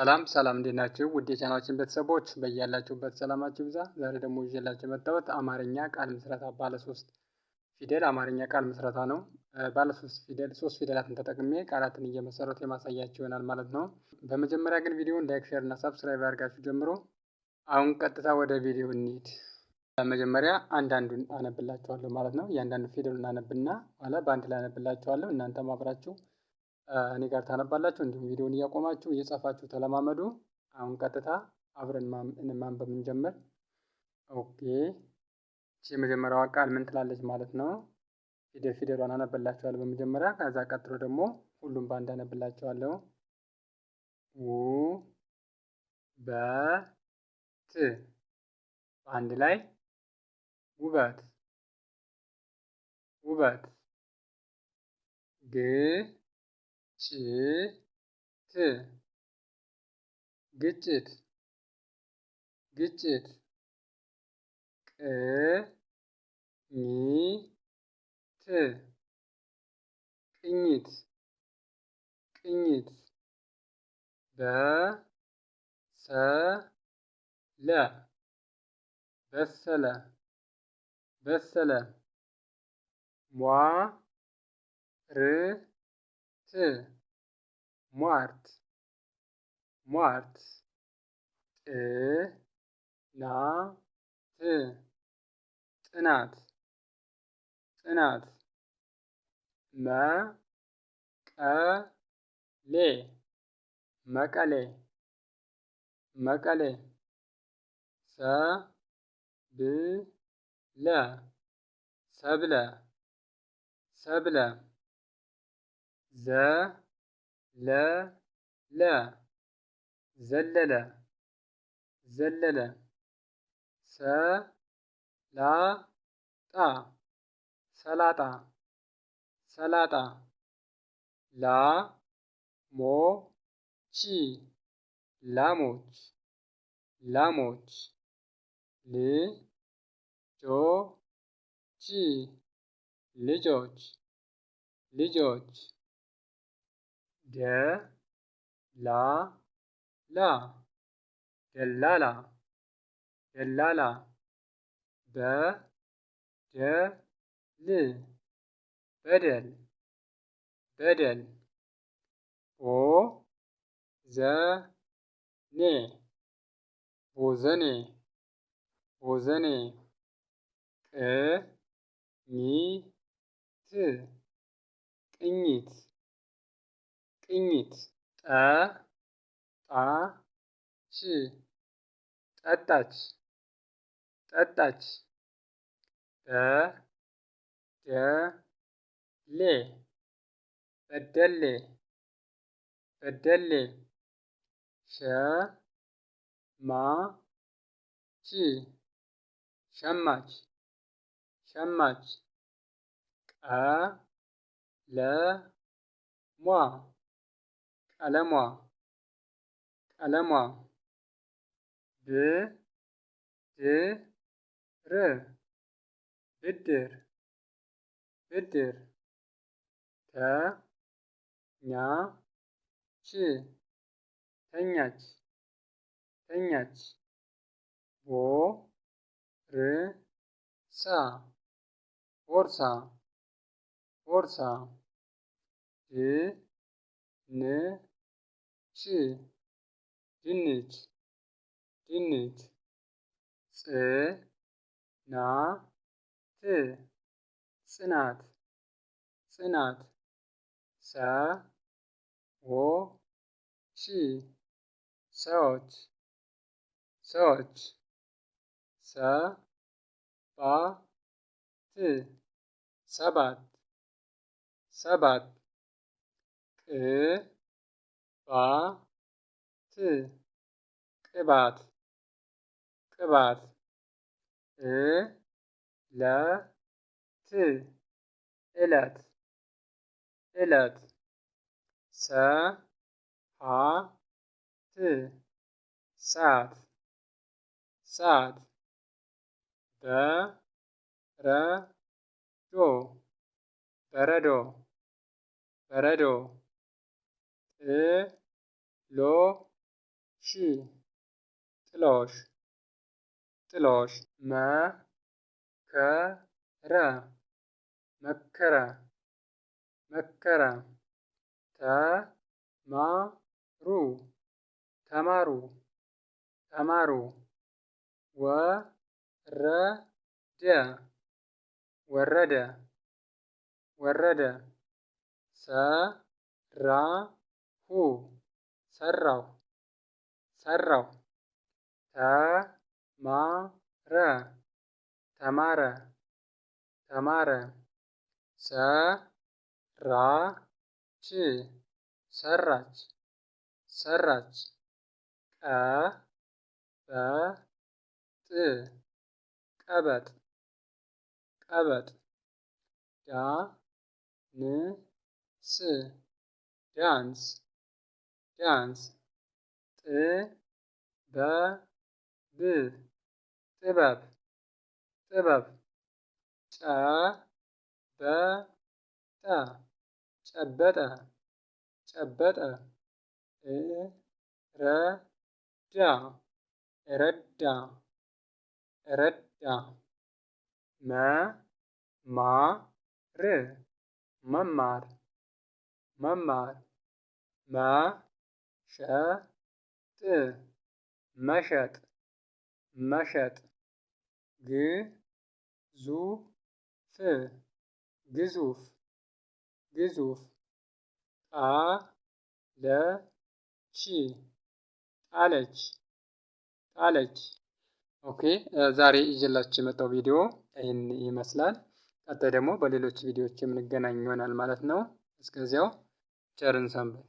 ሰላም ሰላም እንዴት ናችሁ? ውድ የቻናችን ቤተሰቦች በያላችሁበት ሰላማችሁ ብዛ። ዛሬ ደግሞ ይዤላችሁ የመጣሁት አማርኛ ቃል ምስረታ ባለ ሶስት ፊደል አማርኛ ቃል ምስረታ ነው። ባለ ሶስት ፊደል ሶስት ፊደላትን ተጠቅሜ ቃላትን እየመሰረቱ የማሳያችሁ ይሆናል ማለት ነው። በመጀመሪያ ግን ቪዲዮን ላይክ፣ ሼር እና ሰብስክራይብ አድርጋችሁ ጀምሮ አሁን ቀጥታ ወደ ቪዲዮ እንሂድ። በመጀመሪያ አንዳንዱን አነብላችኋለሁ ማለት ነው። እያንዳንዱ ፊደሉን አነብና ኋላ በአንድ ላይ አነብላችኋለሁ እናንተም ማብራችሁ እኔ ጋር ታነባላችሁ። እንዲሁም ቪዲዮውን እያቆማችሁ እየጻፋችሁ ተለማመዱ። አሁን ቀጥታ አብረን ማንበብ እንጀምር። ኦኬ የመጀመሪያዋ ቃል ምን ትላለች ማለት ነው? ፊደል ፊደሏን አነብላችኋለሁ በመጀመሪያ ከዛ ቀጥሎ ደግሞ ሁሉም በአንድ አነብላችኋለሁ። ው በት በአንድ ላይ ውበት ውበት ግ ጭት ግጭት ግጭት ቅኝት ቅኝት ቅኝት በሰለ በሰለ በሰለ ሟር ت موارد موارد ጥ ና ት ጥናት ጥናት መ ቀ ሌ መቀሌ መቀሌ ሰ ብ ለ ሰብለ ሰብለ ዘ ለ ዘለለ ዘለለ ዘለለ ሰላጣ ሰላጣ ሰላጣ ላሞች ላሞች ላሞች ልጆች ልጆች ልጆች ደ ላ ላ ደላላ ደላላ ል በደል በደል በደል ቦዘኔ ቦዘኔ ቦዘኔ ት ቅኝት ቅኝት ጠ ጣ ች ጠጣች ጠጣች በ ደ ሌ በደሌ በደሌ ሸ ማ ች ሸማች ሸማች ቀ ለ ሟ ቀለሟ ቀለሟ ብ ድ ር ብድር ብድር ተ ኛ ች ተኛች ተኛች ቦ ር ሳ ቦርሳ ቦርሳ ድ ን ች ድንች ድንች ፅ ና ት ጽናት ጽናት ሰ ዎ ች ሰዎች ሰዎች ሰ ባ ት ሰባት ሰባት ቅ ት ቅባት ቅባት እ ለ ት እለት እለት ሰ ሀ ት ሰዓት ሰዓት በ ረ ዶ በረዶ በረዶ ጥ لو شي تلاش تلاش ما كرة مكرة مكرة تمارو تمارو د ورد ورد را هو ሰራው ሰራው ተማረ ተማረ ተማረ ሰራች ሰራች ሰራች ቀበጥ ቀበጥ ቀበጥ ዳንስ ዳንስ ዳንስ ጥበብ ጥበብ ጥበብ ጨበጠ ጨበጠ ጨበጠ እረዳ ረዳ ረዳ መማር መማር መማር መ ሸጥ መሸጥ መሸጥ ግዙፍ ግዙፍ ግዙፍ ጣለች ጣለች ጣለች ኦኬ ዛሬ ይዤላችሁ የመጣው ቪዲዮ ይህን ይመስላል። ቀጣይ ደግሞ በሌሎች ቪዲዮዎች የምንገናኝ ይሆናል ማለት ነው። እስከዚያው ቸርን ሰንብት።